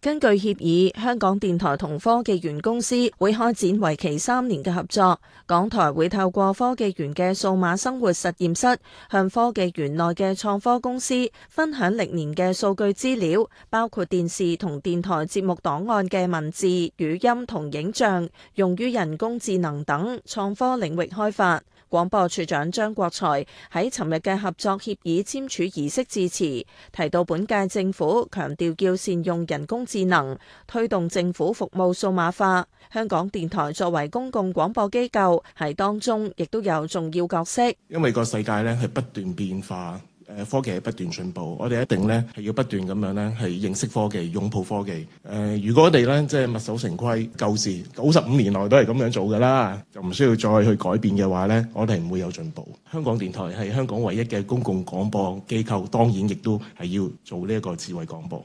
根據協議，香港電台同科技園公司會開展為期三年嘅合作。港台會透過科技園嘅數碼生活實驗室，向科技園內嘅創科公司分享歷年嘅數據資料，包括電視同電台節目檔案嘅文字、語音同影像，用於人工智能等創科領域開發。廣播處長張國財喺尋日嘅合作協議簽署儀式致辭，提到本屆政府強調要善用人工智能，推動政府服務數碼化。香港電台作為公共廣播機構，喺當中亦都有重要角色。因為個世界呢係不斷變化。誒，科技係不斷進步，我哋一定咧係要不斷咁樣咧係認識科技、擁抱科技。誒、呃，如果我哋咧即係墨守成規、舊時九十五年來都係咁樣做嘅啦，就唔需要再去改變嘅話咧，我哋唔會有進步。香港電台係香港唯一嘅公共廣播機構，當然亦都係要做呢一個智慧廣播。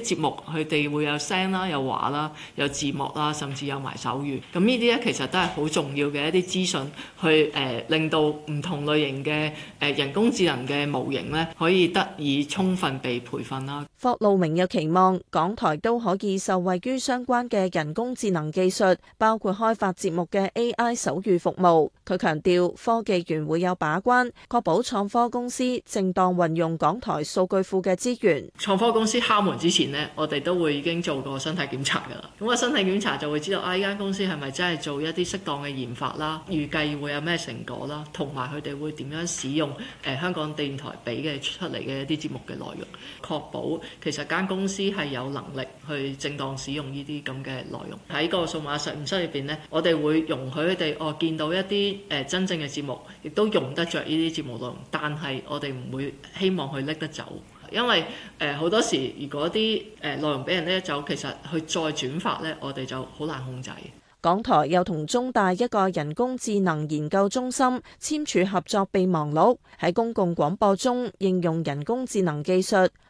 節目佢哋會有聲啦，有話啦，有字幕啦，甚至有埋手語。咁呢啲咧，其實都係好重要嘅一啲資訊，去誒令到唔同類型嘅誒人工智能嘅模型咧，可以得以充分被培訓啦。霍路明又期望港台都可以受惠於相關嘅人工智能技術，包括開發節目嘅 AI 手語服務。佢強調科技園會有把關，確保創科公司正當運用港台數據庫嘅資源。創科公司敲門之前，我哋都會已經做過身體檢查㗎啦。咁個身體檢查就會知道啊，呢間公司係咪真係做一啲適當嘅研發啦？預計會有咩成果啦？同埋佢哋會點樣使用誒、呃、香港電台俾嘅出嚟嘅一啲節目嘅內容，確保其實間公司係有能力去正當使用呢啲咁嘅內容。喺個數碼實驗室入邊呢，我哋會容許佢哋哦見到一啲誒、呃、真正嘅節目，亦都用得着呢啲節目內容，但係我哋唔會希望佢拎得走。因為誒好多時，如果啲誒內容俾人拎走，其實佢再轉發咧，我哋就好難控制。港台又同中大一個人工智能研究中心簽署合作備忘錄，喺公共廣播中應用人工智能技術。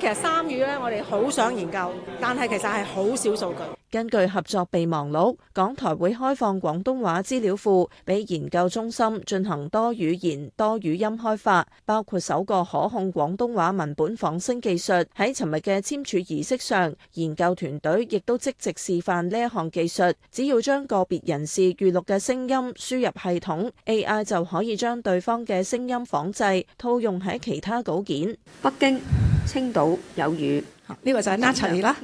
其實三語咧，我哋好想研究，但係其實係好少數據。根據合作備忘錄，港台會開放廣東話資料庫俾研究中心進行多語言多語音開發，包括首個可控廣東話文本仿聲技術。喺尋日嘅簽署儀式上，研究團隊亦都即席示範呢一項技術。只要將個別人士預錄嘅聲音輸入系統，AI 就可以將對方嘅聲音仿製套用喺其他稿件。北京。青島有雨，呢個就係 Natalie 啦。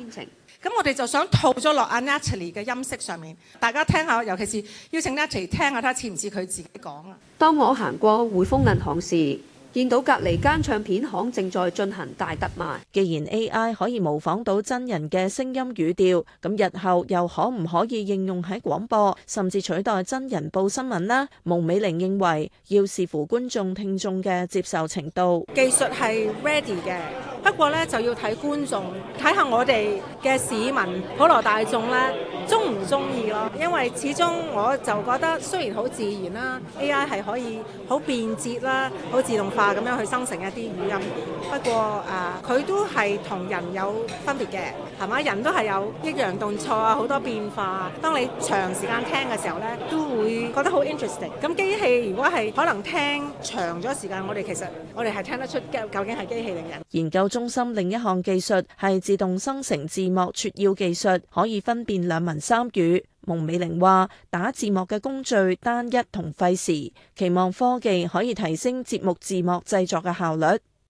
咁我哋就想套咗落阿 Natalie 嘅音色上面，大家聽下，尤其是邀請 Natalie 聽下睇下睇似唔似佢自己講啊。當我行過匯豐銀行時，見到隔離間唱片行正在進行大特賣。既然 AI 可以模仿到真人嘅聲音語調，咁日後又可唔可以應用喺廣播，甚至取代真人報新聞呢？蒙美玲認為要視乎觀眾聽眾嘅接受程度。技術係 ready 嘅。不過咧，就要睇觀眾，睇下我哋嘅市民、普羅大眾咧中唔中意咯。因為始終我就覺得雖然好自然啦，AI 係可以好便捷啦、好自動化咁樣去生成一啲語音。不過啊，佢都係同人有分別嘅，係嘛？人都係有抑揚頓挫啊，好多變化。當你長時間聽嘅時候咧，都會覺得好 interesting。咁機器如果係可能聽長咗時間，我哋其實我哋係聽得出究竟係機器定人研究。中心另一項技術係自動生成字幕撮要技術，可以分辨兩文三語，蒙美玲話打字幕嘅工序單一同費時，期望科技可以提升節目字幕製作嘅效率。